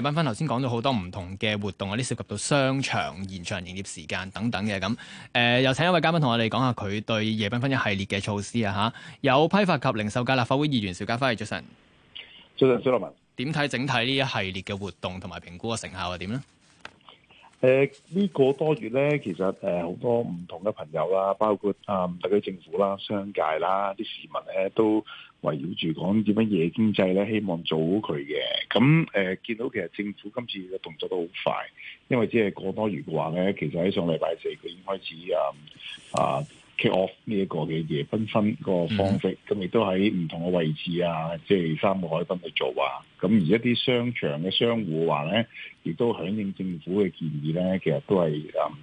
夜繽紛，頭先講咗好多唔同嘅活動，有啲涉及到商場延長營業時間等等嘅咁。誒、呃，又請一位嘉賓同我哋講下佢對夜繽紛一系列嘅措施啊吓，有批發及零售界立法會議員邵家輝。早晨。早晨，小羅文，點睇整體呢一系列嘅活動同埋評估嘅成效係點呢？誒、呃、呢、這個多月咧，其實誒好、呃、多唔同嘅朋友啦，包括啊、呃、特區政府啦、商界啦、啲市民咧，都圍繞住講點樣夜經濟咧，希望做好佢嘅。咁、呃、見到其實政府今次嘅動作都好快，因為只係個多月嘅話咧，其實喺上禮拜四佢已經開始啊、嗯、啊。cut off 呢一個嘅夜繽紛個方式，咁亦都喺唔同嘅位置啊，即係三個海濱去做啊。咁而一啲商場嘅商戶話咧，亦都響應政府嘅建議咧，其實都係誒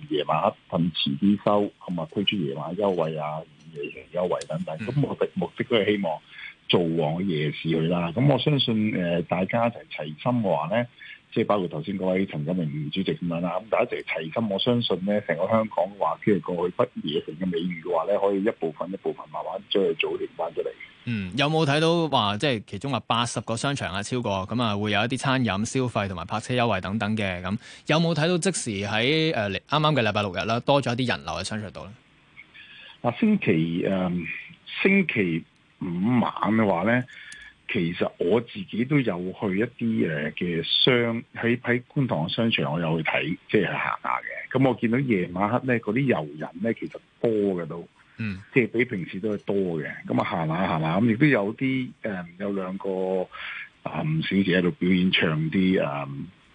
夜晚黑趁遲啲收，同埋推出夜晚優惠啊、夜夜優惠等等。咁我哋目的都係希望做往夜市去啦。咁我相信誒大家一齊齊心嘅話咧。即係包括頭先嗰位陳錦明副主席咁樣啦，咁大家一齊齊心，我相信咧，成個香港話叫做過去不夜城嘅美譽嘅話咧，可以一部分一部分慢慢將佢組聯翻出嚟。嗯，有冇睇到話即係其中話八十個商場啊，超過咁啊，會有一啲餐飲消費同埋泊車優惠等等嘅咁，有冇睇到即時喺誒啱啱嘅禮拜六日啦，多咗一啲人流喺商場度咧？嗱、嗯，星期誒、嗯、星期五晚嘅話咧。其實我自己都有去一啲誒嘅商喺喺觀塘商場，我有去睇，即係行下嘅。咁我見到夜晚黑咧，嗰啲遊人咧其實多嘅都，嗯，即係比平時都係多嘅。咁啊行下行下，咁亦都有啲誒有兩個啊小姐喺度表演唱啲啊，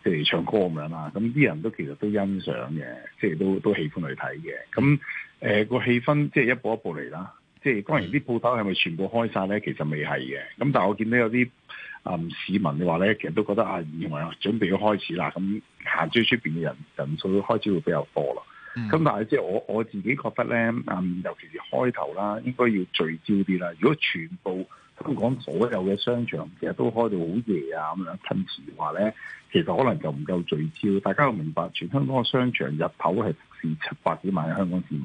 即係唱歌咁樣啦。咁啲人都其實都欣賞嘅，即係都都喜歡去睇嘅。咁誒個氣氛即係一步一步嚟啦。即係當然啲鋪頭係咪全部開晒咧？其實未係嘅。咁但係我見到有啲啊、嗯、市民嘅話咧，其實都覺得啊，認為準備要開始啦。咁行最出邊嘅人人數會開始會比較多咯。咁、嗯、但係即係我我自己覺得咧，啊、嗯、尤其是開頭啦，應該要聚焦啲啦。如果全部香港所有嘅商場其實都開到好夜啊咁樣，同時的話咧，其實可能就唔夠聚焦。大家要明白，全香港嘅商場入口係服侍七百幾萬嘅香港市民。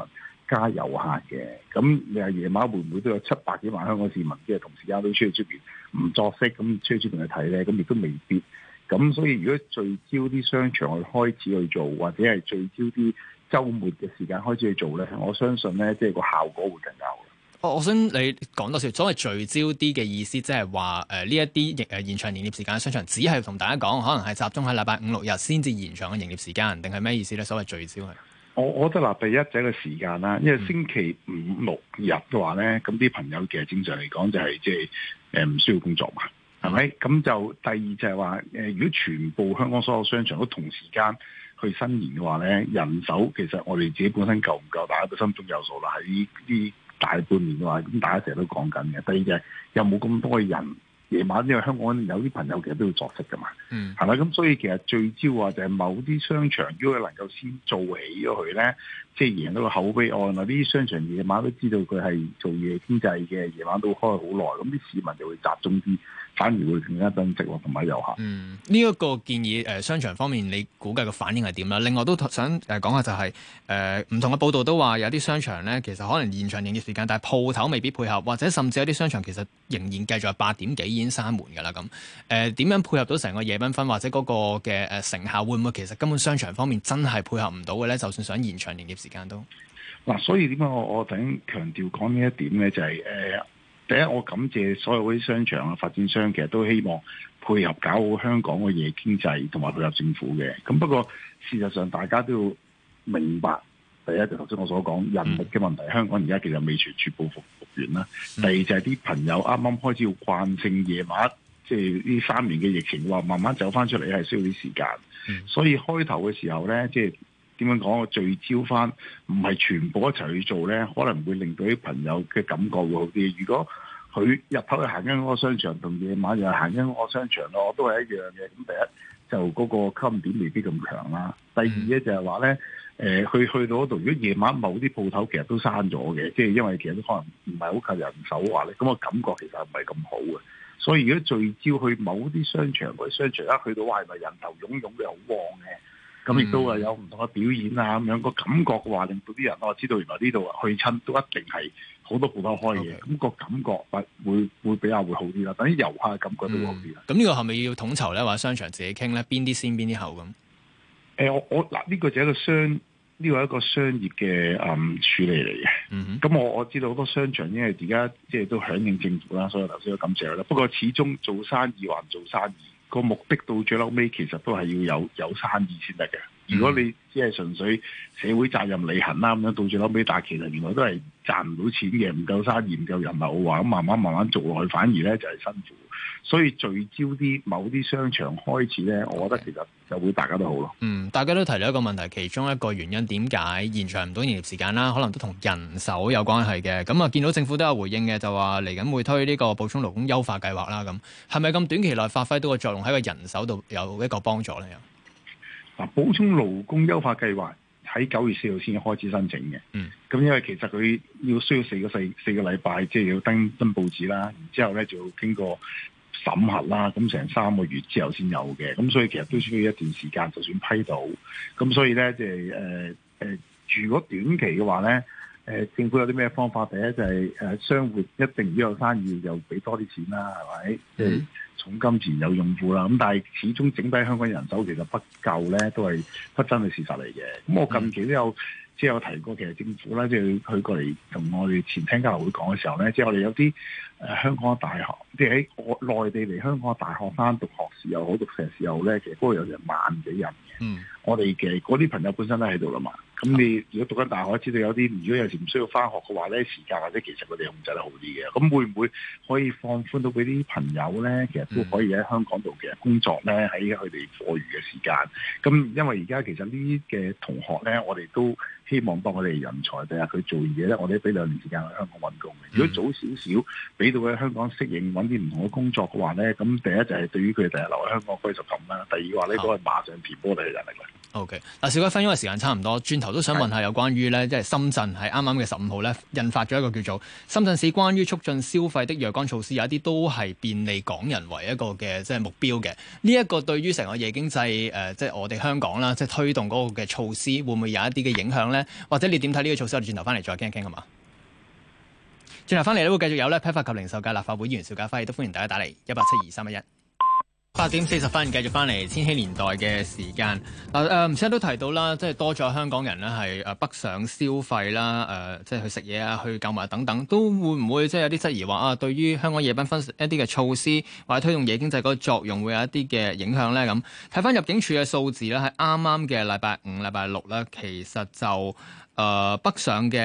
加遊客嘅，咁你話夜晚會唔會都有七百幾萬香港市民，即係同時間都出去出邊唔作息，咁出去出邊去睇咧，咁亦都未必。咁所以如果聚焦啲商場去開始去做，或者係聚焦啲週末嘅時間開始去做咧，我相信咧，即係個效果會更加好。哦，我我想你講多少所謂聚焦啲嘅意思就是說，即係話誒呢一啲誒延長營業時間商場，只係同大家講，可能係集中喺禮拜五六日先至延長嘅營業時間，定係咩意思咧？所謂聚焦係。我我覺得嗱，第一者嘅時間啦，因為星期五六日嘅話咧，咁啲朋友其實正常嚟講就係即係誒唔需要工作嘛，係咪？咁就第二就係話誒，如果全部香港所有商場都同時間去伸延嘅話咧，人手其實我哋自己本身夠唔夠，大家都心中有數啦。喺呢大半年嘅話，咁大家成日都講緊嘅。第二就係有冇咁多人。夜晚因為香港有啲朋友其實都要作息嘅嘛，係、嗯、咪？咁所以其實聚焦啊就係某啲商場，如果能夠先做起咗佢咧，即係贏到個口碑案啊！啲商場夜晚都知道佢係做夜經濟嘅，夜晚都開好耐，咁啲市民就會集中啲。反而會更加增值同埋遊客。嗯，呢、這、一個建議誒、呃，商場方面你估計個反應係點啦？另外想說說、就是呃、的都想誒講下就係誒，唔同嘅報道都話有啲商場咧，其實可能延長營業時間，但係鋪頭未必配合，或者甚至有啲商場其實仍然繼續八點幾已經閂門㗎啦。咁誒點樣配合到成個夜繽紛或者嗰個嘅誒、呃、成效？會唔會其實根本商場方面真係配合唔到嘅咧？就算想延長營業時間都嗱、啊，所以點解我我想強調講呢一點咧、就是，就係誒。第一，我感謝所有嗰啲商場啊、發展商，其實都希望配合搞好香港嘅夜經濟，同埋配合政府嘅。咁不過事實上，大家都要明白，第一就頭先我所講人力嘅問題，香港而家其實未全全部復復原啦。第二就係啲朋友啱啱開始要慣性夜晚，即係呢三年嘅疫情話慢慢走翻出嚟，係需要啲時間。所以開頭嘅時候咧，即係。點樣講？我聚焦翻，唔係全部一齊去做咧，可能會令到啲朋友嘅感覺會好啲。如果佢日頭去行緊嗰個商場，同夜晚又行緊嗰個商場咯，都係一樣嘅。咁第一就嗰個吸引點未必咁強啦。第二咧就係話咧，佢、嗯、去去到嗰度，如果夜晚某啲鋪頭其實都閂咗嘅，即係因為其實都可能唔係好靠人手話咧，咁個感覺其實唔係咁好嘅。所以如果聚焦去某啲商場或者商場，一去到話係咪人頭湧湧，嘅好旺嘅？咁亦都有唔同嘅表演啊，咁樣個感覺嘅話，令到啲人我知道，原來呢度去親都一定係好多好多開嘅，咁、okay. 個感覺會會會比較會好啲啦。等於遊客嘅感覺都好啲啦。咁、嗯、呢個係咪要統籌咧，或者商場自己傾咧？邊啲先，邊啲後咁？誒、呃，我我嗱，呢、這個就一個商，呢個一個商業嘅處、嗯、處理嚟嘅。咁、嗯、我我知道好多商場因為而家即係都響應政府啦，所以頭先都感謝啦。不過始終做生意還做生意。個目的到最後尾，其實都係要有有生意先得嘅。嗯、如果你只係純粹社會責任履行啦咁樣，到最後尾但其實原來都係賺唔到錢嘅，唔夠生意，唔夠人流啊，咁慢慢慢慢做落去反而咧就係辛苦，所以聚焦啲某啲商場開始咧，我覺得其實就會大家都好咯。嗯，大家都提到一個問題，其中一個原因點解延長唔到營業時間啦，可能都同人手有關係嘅。咁啊，見到政府都有回應嘅，就話嚟緊會推呢個補充勞工優化計劃啦。咁係咪咁短期內發揮到個作用喺個人手度有一個幫助咧？嗱，補充勞工優化計劃喺九月四號先開始申請嘅，咁、嗯、因為其實佢要需要四個四四個禮拜，即係要登登報紙啦，然之後咧就要經過審核啦，咁成三個月之後先有嘅，咁所以其實都需要一段時間，就算批到，咁所以咧即係誒誒，如果短期嘅話咧，誒、呃、政府有啲咩方法？第一就係、是、誒，商、呃、戶一定要有生意又俾多啲錢啦，係咪？嗯。重金自然有用處啦，咁但係始終整體香港人手其實不夠咧，都係不爭嘅事實嚟嘅。咁我近期都有即係有提過，其實政府咧即係佢過嚟同我哋前廳交流會講嘅時候咧，即係我哋有啲誒香港大學，即係喺內地嚟香港嘅大學生讀學士又好讀碩士又好咧，其實都係有人萬幾人。嗯，我哋嘅嗰啲朋友本身都喺度啦嘛，咁你如果讀緊大學，知道有啲如果有時唔需要返學嘅話咧，時間或者其實佢哋控制得好啲嘅，咁會唔會可以放寬到俾啲朋友咧，其實都可以喺香港度其實工作咧，喺佢哋課餘嘅時間。咁因為而家其實呢啲嘅同學咧，我哋都希望幫我哋人才，第日佢做嘢咧，我哋俾兩年時間去香港揾工、嗯、如果早少少俾到佢喺香港適應揾啲唔同嘅工作嘅話咧，咁第一就係對於佢第日留喺香港歸屬感啦。第二話咧都係馬上填波。O.K. 嗱，邵家輝，因為時間差唔多，轉頭都想問下有關於咧，即係深圳係啱啱嘅十五號呢，印發咗一個叫做《深圳市關於促進消費的若干措施》，有一啲都係便利港人為一個嘅即係目標嘅。呢、這、一個對於成個夜經濟誒、呃，即係我哋香港啦，即係推動嗰個嘅措施，會唔會有一啲嘅影響呢？或者你點睇呢個措施？我哋轉頭翻嚟再傾一傾，係嘛？轉頭翻嚟咧，會繼續有呢批發及零售界立法會議員邵家輝亦都歡迎大家打嚟，一八七二三一一。八點四十分，繼續翻嚟千禧年代嘅時間。嗱、呃，誒、呃，唔少都提到啦，即係多咗香港人呢係誒北上消費啦，誒、呃，即係去食嘢啊，去購物等等，都會唔會即係有啲質疑話啊，對於香港夜繽紛一啲嘅措施，或者推動夜經濟嗰個作用，會有一啲嘅影響咧？咁睇翻入境處嘅數字咧，係啱啱嘅禮拜五、禮拜六啦，其實就。誒、呃、北上嘅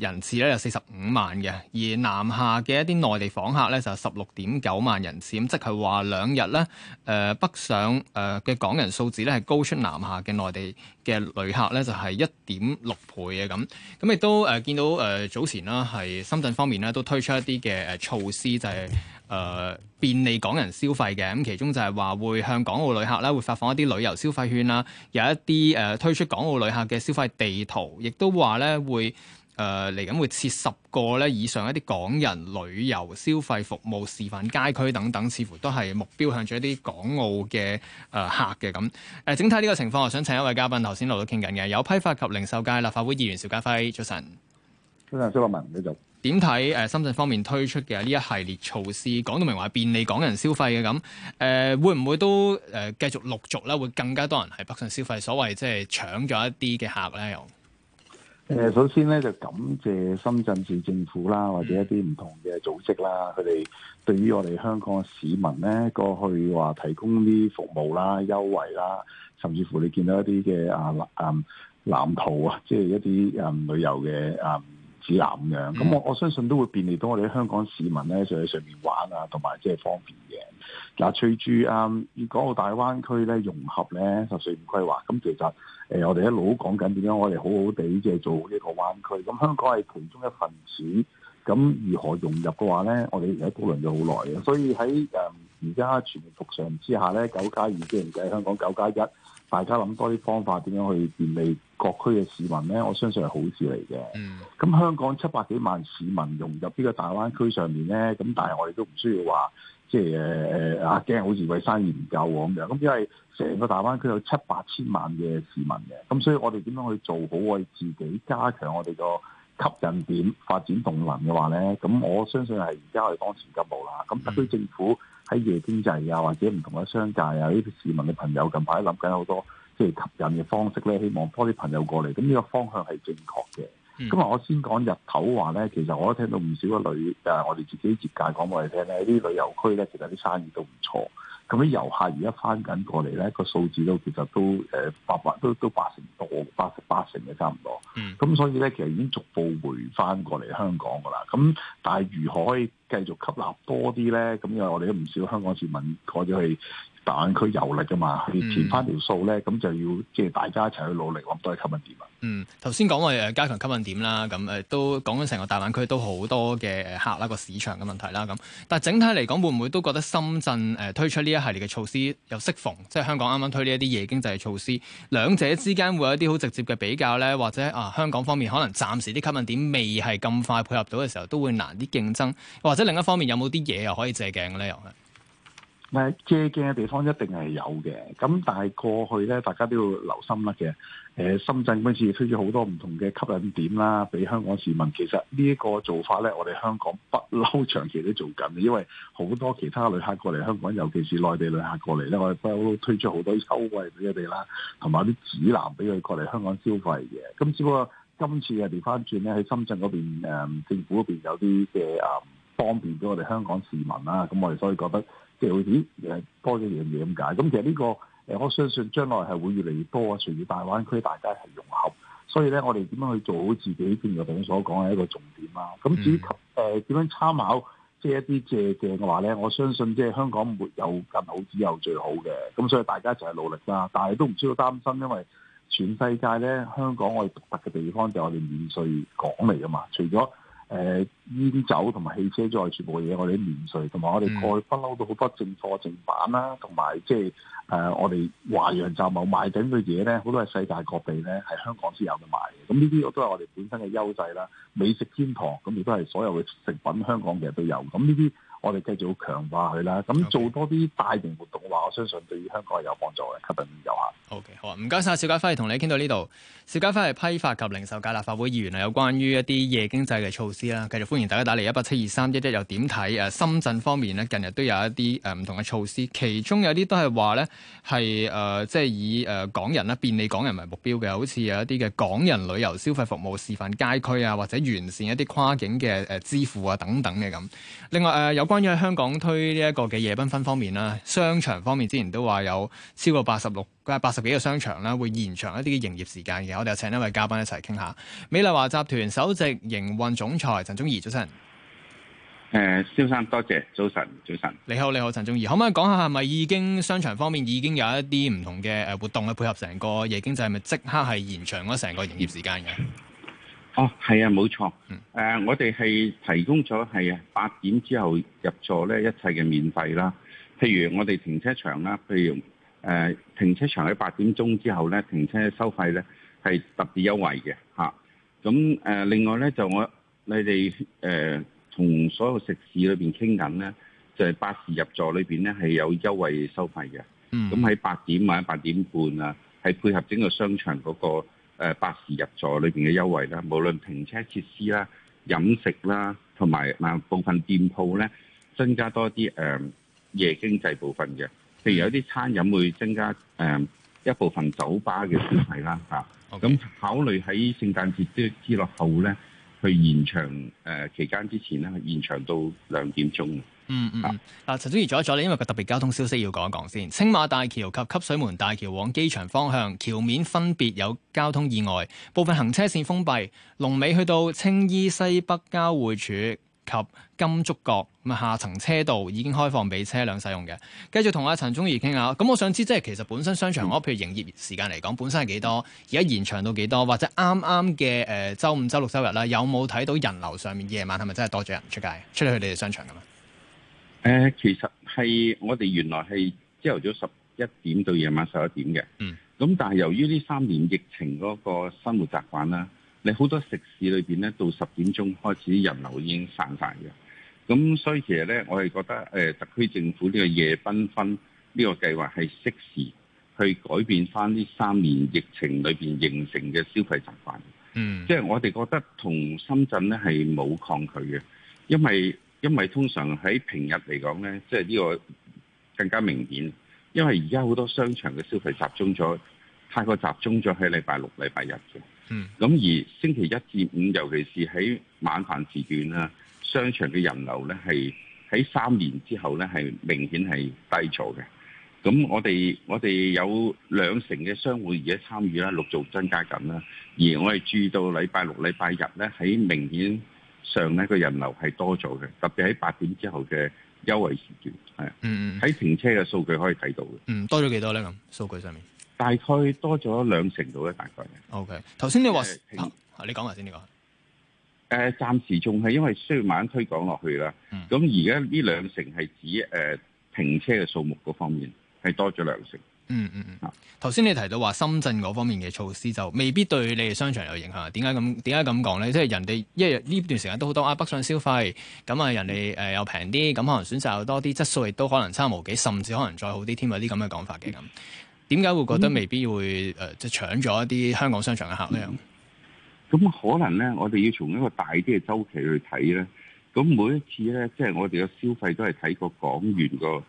人次咧有四十五萬嘅，而南下嘅一啲內地訪客咧就十六點九萬人次，咁即係話兩日咧，誒、呃、北上誒嘅港人數字咧係高出南下嘅內地。嘅旅客咧就係一點六倍嘅咁，咁亦都誒、呃、見到誒、呃、早前啦，係深圳方面咧都推出一啲嘅誒措施、就是，就係誒便利港人消費嘅，咁其中就係話會向港澳旅客啦，會發放一啲旅遊消費券啦，有一啲誒、呃、推出港澳旅客嘅消費地圖，亦都話咧會。誒嚟緊會設十個咧以上一啲港人旅遊消費服務示範街區等等，似乎都係目標向住一啲港澳嘅誒客嘅咁。誒、呃、整體呢個情況，我想請一位嘉賓頭先留到傾緊嘅，有批發及零售界立法會議員邵家輝，早晨。早晨，謝洛文你就點睇誒深圳方面推出嘅呢一系列措施？講到明話便利港人消費嘅咁，誒、呃、會唔會都誒、呃、繼續陸續咧會更加多人喺北上消費？所謂即係搶咗一啲嘅客咧又？誒、mm -hmm.，首先咧就感謝深圳市政府啦，或者一啲唔同嘅組織啦，佢、mm、哋 -hmm. 對於我哋香港市民咧，過去話提供啲服務啦、優惠啦，甚至乎你見到一啲嘅啊嗯藍圖啊，即、就、係、是、一啲嗯、呃、旅遊嘅嗯、呃、指南咁樣。咁、mm -hmm. 我我相信都會便利到我哋香港市民咧，就喺上面玩啊，同埋即係方便嘅。嗱，隨住啊，如、嗯、果大灣區咧融合咧，十四五規劃，咁其實。誒、哎，我哋一路講緊點樣，我哋好好地即係做呢個灣區。咁香港係其中一份子，咁如何融入嘅話咧，我哋而家討論咗好耐嘅。所以喺誒而家全面復常之下咧，九加二即係香港九加一，大家諗多啲方法點樣去便利各區嘅市民咧，我相信係好事嚟嘅。嗯，咁香港七百幾萬市民融入呢個大灣區上面咧，咁但係我哋都唔需要話。即係誒誒啊！驚，好似為生意唔夠喎咁樣。咁因為成個大灣區有七八千萬嘅市民嘅，咁所以我哋點樣去做好我哋自己，加強我哋個吸引點、發展動能嘅話咧，咁我相信係而家係當前急務啦。咁特區政府喺夜經濟啊，或者唔同嘅商界啊，呢啲市民嘅朋友近排都諗緊好多即係吸引嘅方式咧，希望多啲朋友過嚟。咁呢個方向係正確嘅。咁、嗯、啊！我先講日頭話咧，其實我都聽到唔少嘅旅誒，我哋自己接界講俾我哋聽咧，啲旅遊區咧，其實啲生意都唔錯。咁啲遊客而家翻緊過嚟咧，個數字都其實都八百，都都八成多，八十八成嘅差唔多。咁、嗯、所以咧，其實已經逐步回翻過嚟香港噶啦。咁但係如何可以繼續吸納多啲咧？咁因為我哋都唔少香港市民過咗去。大灣區有力噶嘛？要填翻條數咧，咁就要即係、就是、大家一齊去努力，揾都係吸引點啊！嗯，頭先講話誒加強吸引點啦，咁都講緊成個大灣區都好多嘅客啦，個市場嘅問題啦，咁但係整體嚟講，會唔會都覺得深圳推出呢一系列嘅措施又適逢，即、就、係、是、香港啱啱推呢一啲夜經濟嘅措施，兩者之間會有一啲好直接嘅比較咧，或者啊香港方面可能暫時啲吸引點未係咁快配合到嘅時候，都會難啲競爭，或者另一方面有冇啲嘢又可以借鏡咧？又借鏡嘅地方一定係有嘅，咁但係過去呢，大家都要留心啦嘅。深圳今次推出好多唔同嘅吸引點啦，俾香港市民。其實呢一個做法呢，我哋香港不嬲長期都做緊，因為好多其他旅客過嚟香港，尤其是內地旅客過嚟呢，我哋不嬲都推出好多優惠俾佢哋啦，同埋啲指南俾佢過嚟香港消費嘅。咁只不過今次嘅調翻轉呢，喺深圳嗰邊政府嗰邊有啲嘅啊方便俾我哋香港市民啦，咁我哋所以覺得。嚟會咦多咗樣嘢點解？咁其實呢個誒，我相信將來係會越嚟越多啊！隨住大灣區大家係融合，所以咧，我哋點樣去做好自己？正如我哋所講嘅一個重點啦。咁至於誒點樣參考，即係一啲借鏡嘅話咧，我相信即係香港沒有更好，只有最好嘅。咁所以大家就係努力啦。但係都唔需要擔心，因為全世界咧，香港我哋獨特嘅地方就係我哋免稅港嚟㗎嘛。除咗誒、呃、煙酒同埋汽車之外全部嘢，我哋啲免稅，同埋我哋蓋分嬲到好多正貨正版啦，同埋即係誒我哋華洋雜貿賣緊嘅嘢咧，好多係世界各地咧，係香港先有得賣嘅。咁呢啲都係我哋本身嘅優勢啦。美食天堂，咁亦都係所有嘅食品香港其實都有。咁呢啲。我哋繼續強化佢啦，咁做多啲大型活動嘅話，我相信對於香港係有幫助嘅，吸引遊客。OK，好啊，唔該晒，邵家輝，同你傾到呢度。邵家輝係批發及零售界立法會議員啊，有關於一啲夜經濟嘅措施啦，繼續歡迎大家打嚟一八七二三一一，又點睇？誒，深圳方面呢？近日都有一啲誒唔同嘅措施，其中有啲都係話咧係誒，即、呃、係、就是、以誒港人啦、便利港人為目標嘅，好似有一啲嘅港人旅遊消費服務示範街區啊，或者完善一啲跨境嘅誒支付啊等等嘅咁。另外誒、呃，有關。關於香港推呢一個嘅夜繽紛方面啦，商場方面之前都話有超過八十六、八十幾個商場啦，會延長一啲嘅營業時間嘅。我哋請一位嘉賓一齊傾下，美麗華集團首席營運總裁陳宗彜早晨。誒、呃，蕭生多謝早晨，早晨。你好，你好，陳宗彜，可唔可以講下係咪已經商場方面已經有一啲唔同嘅誒活動去配合成個夜經濟，係咪即刻係延長咗成個營業時間嘅？哦，係啊，冇錯。誒、呃，我哋係提供咗係八點之後入座咧，一切嘅免費啦。譬如我哋停車場啦，譬如、呃、停車場喺八點鐘之後咧，停車收費咧係特別優惠嘅嚇。咁誒，另外咧就我你哋誒同所有食肆裏邊傾緊咧，就係、是、八時入座裏邊咧係有優惠收費嘅。咁喺八點或者八點半啊，係配合整個商場嗰、那個。誒、呃、八時入座裏邊嘅優惠啦，無論停車設施啦、飲食啦，同埋、呃、部分店鋪咧增加多啲誒、呃、夜經濟部分嘅，譬如有啲餐飲會增加誒、呃、一部分酒吧嘅消費啦嚇。咁、啊 okay。考慮喺聖誕節啲之後咧。去現場誒期間之前去現場到兩點鐘。嗯嗯，嗱、啊，陳、嗯、總，阻咗一阻你，因為個特別交通消息要講一講先。青馬大橋及汲水門大橋往機場方向橋面分別有交通意外，部分行車線封閉，龍尾去到青衣西北交匯處。及金竹角咁啊，下層車道已經開放俾車輛使用嘅。繼續同阿陳宗彜傾下。咁我想知道，即係其實本身商場，屋，譬如營業時間嚟講，本身係幾多？而家延長到幾多？或者啱啱嘅誒週五、週六、週日啦，有冇睇到人流上面夜晚係咪真係多咗人出街出嚟去你哋商場嘅咧？誒，其實係我哋原來係朝頭早十一點到夜晚十一點嘅。嗯。咁但係由於呢三年疫情嗰個生活習慣啦。你好多食肆裏面咧，到十點鐘開始人流已經散晒嘅，咁所以其實咧，我哋覺得、呃、特區政府呢個夜繽紛呢個計劃係適時去改變翻呢三年疫情裏面形成嘅消費習慣，嗯，即係我哋覺得同深圳咧係冇抗拒嘅，因為因為通常喺平日嚟講咧，即係呢個更加明顯，因為而家好多商場嘅消費集中咗，太過集中咗喺禮拜六禮拜日嘅。嗯，咁而星期一至五，尤其是喺晚飯時段啦，商場嘅人流咧係喺三年之後咧係明顯係低咗嘅。咁我哋我哋有兩成嘅商戶而家參與啦，陸續增加緊啦。而我哋注意到禮拜六、禮拜日咧，喺明顯上咧個人流係多咗嘅，特別喺八點之後嘅優惠時段係。嗯嗯，喺停車嘅數據可以睇到嘅。嗯，多咗幾多咧咁？數據上面。大概多咗兩成度咧，大概。OK，頭先你話、呃啊，你講埋先說、這個，你講。誒，暫時仲係因為需要慢慢推廣落去啦。咁而家呢兩成係指誒、呃、停車嘅數目嗰方面係多咗兩成。嗯嗯嗯。頭、嗯、先、啊、你提到話深圳嗰方面嘅措施就未必對你哋商場有影響。點解咁？點解咁講咧？即係人哋因為呢段時間都好多啊，北上消費。咁啊，人哋誒又平啲，咁可能選擇又多啲，質素亦都可能差無幾，甚至可能再好啲，添有啲咁嘅講法嘅咁。點解會覺得未必要會誒、即係搶咗一啲香港商場嘅客量？咁、嗯、可能咧，我哋要從一個大啲嘅週期去睇咧。咁每一次咧，即、就、係、是、我哋嘅消費都係睇個港元個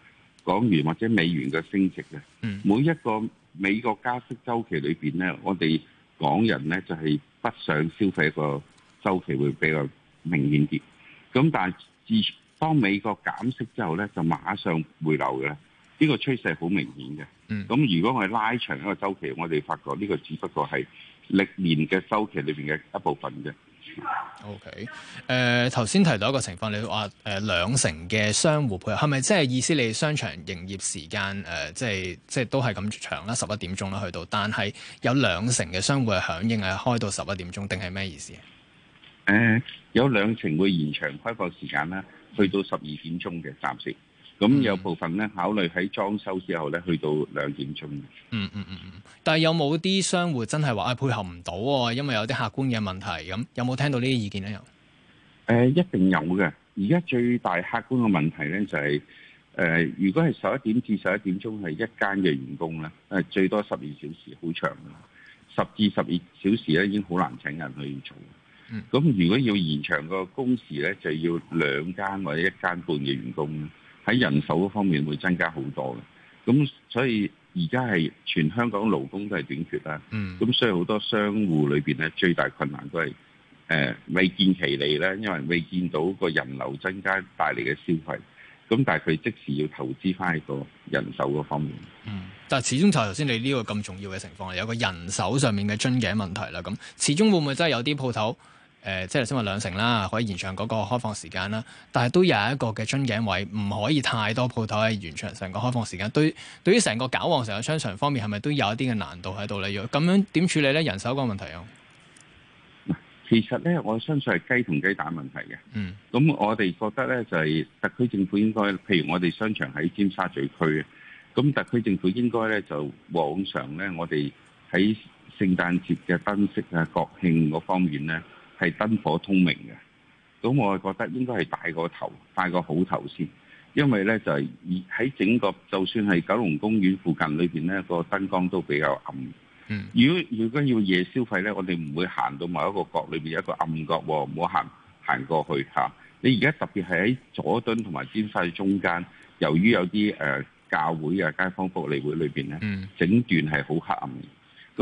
港元或者美元嘅升值嘅、嗯。每一個美國加息週期裏邊咧，我哋港人咧就係北上消費個週期會比較明顯啲。咁但係當美國減息之後咧，就馬上回流嘅。呢、這個趨勢好明顯嘅。嗯，咁如果我哋拉長一個週期，我哋發覺呢個只不過係歷年嘅週期裏邊嘅一部分嘅。O K，誒頭先提到一個情況，你話誒、呃、兩成嘅商戶配合，係咪即係意思你商場營業時間誒、呃，即係即係都係咁長啦，十一點鐘啦去到，但係有兩成嘅商戶嘅響應係開到十一點鐘，定係咩意思？誒、呃，有兩成會延長開放時間啦，去到十二點鐘嘅暫時。咁有部分咧、嗯，考慮喺裝修之後咧，去到兩點鐘。嗯嗯嗯嗯。但係有冇啲商戶真係話啊配合唔到、啊，因為有啲客觀嘅問題。咁有冇聽到呢啲意見咧？有？誒，一定有嘅。而家最大客觀嘅問題咧，就係、是、誒、呃，如果係十一點至十一點鐘係一間嘅員工咧，誒最多十二小時好長，十至十二小時咧已經好難請人去做。咁、嗯、如果要延長個工時咧，就要兩間或者一間半嘅員工。喺人手嗰方面會增加好多嘅，咁所以而家係全香港勞工都係短缺啦。嗯，咁所以好多商戶裏邊咧，最大困難都係誒未見其利咧，因為未見到個人流增加帶嚟嘅消費。咁但係佢即時要投資翻喺個人手嗰方面。嗯，但係始終就係頭先你呢個咁重要嘅情況，有個人手上面嘅樽頸問題啦。咁始終會唔會真係有啲鋪頭？誒、呃，即係頭先話兩成啦，可以延長嗰個開放時間啦。但係都有一個嘅樽頸位，唔可以太多鋪頭喺延長成個開放時間。對對於成個搞旺成個商場方面，係咪都有一啲嘅難度喺度咧？咁樣點處理咧？人手嗰個問題啊？其實咧，我相信係雞同雞蛋問題嘅。嗯。咁我哋覺得咧，就係、是、特區政府應該，譬如我哋商場喺尖沙咀區啊，咁特區政府應該咧就往常咧，我哋喺聖誕節嘅燈飾啊、國慶嗰方面咧。係燈火通明嘅，咁我係覺得應該係帶個頭，帶個好頭先，因為呢就係喺整個就算係九龍公園附近裏邊呢個燈光都比較暗。嗯，如果如果要夜消費呢，我哋唔會行到某一個角裏邊有一個暗角喎，唔好行行過去嚇。你而家特別係喺佐敦同埋尖沙咀中間，由於有啲誒教會啊、街坊福利會裏邊呢，整段係好黑暗嘅。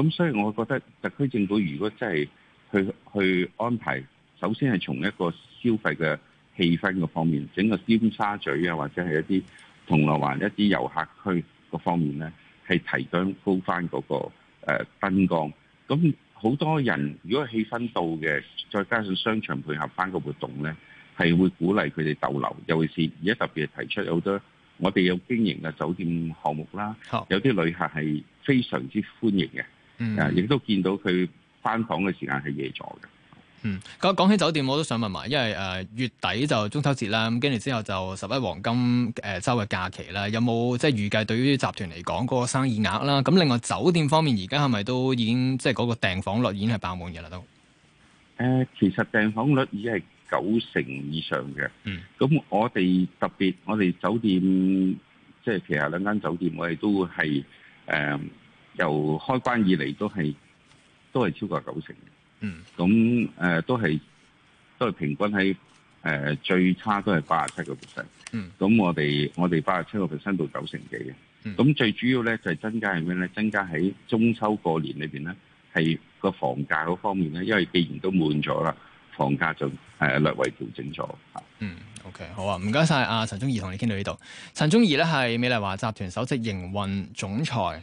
咁所以我覺得特區政府如果真係，去去安排，首先係從一個消費嘅氣氛個方面，整個尖沙咀啊，或者係一啲銅鑼灣一啲遊客區個方面咧，係提升高翻、那、嗰個誒、呃、燈光。咁好多人，如果氣氛到嘅，再加上商場配合翻個活動咧，係會鼓勵佢哋逗留。尤其是而家特別係提出有好多，我哋有經營嘅酒店項目啦，有啲旅客係非常之歡迎嘅。嗯，亦都見到佢翻房嘅時間係夜咗嘅。嗯，咁講起酒店，我都想問埋，因為誒、呃、月底就中秋節啦，咁跟住之後就十一黃金誒周嘅假期啦，有冇即係預計對於集團嚟講嗰個生意額啦？咁另外酒店方面，而家係咪都已經即係嗰個訂房率已經係爆滿嘅啦？都、呃、誒，其實訂房率已經係九成以上嘅。嗯。咁我哋特別，我哋酒店即係、就是、其實兩間酒店，我哋都係誒、呃、由開關以嚟都係。都係超過九成嘅，嗯，咁誒都係都係平均喺誒最差都係八十七個 percent，嗯，咁我哋我哋八十七個 percent 到九成幾嘅，咁、嗯、最主要咧就係增加係咩咧？增加喺中秋過年裏面咧，係個房價嗰方面咧，因為既然都滿咗啦，房價就誒略為調整咗。嗯，OK，好啊，唔該晒。阿陳宗彜同你傾到呢度。陳宗彜咧係美麗華集團首席營運總裁。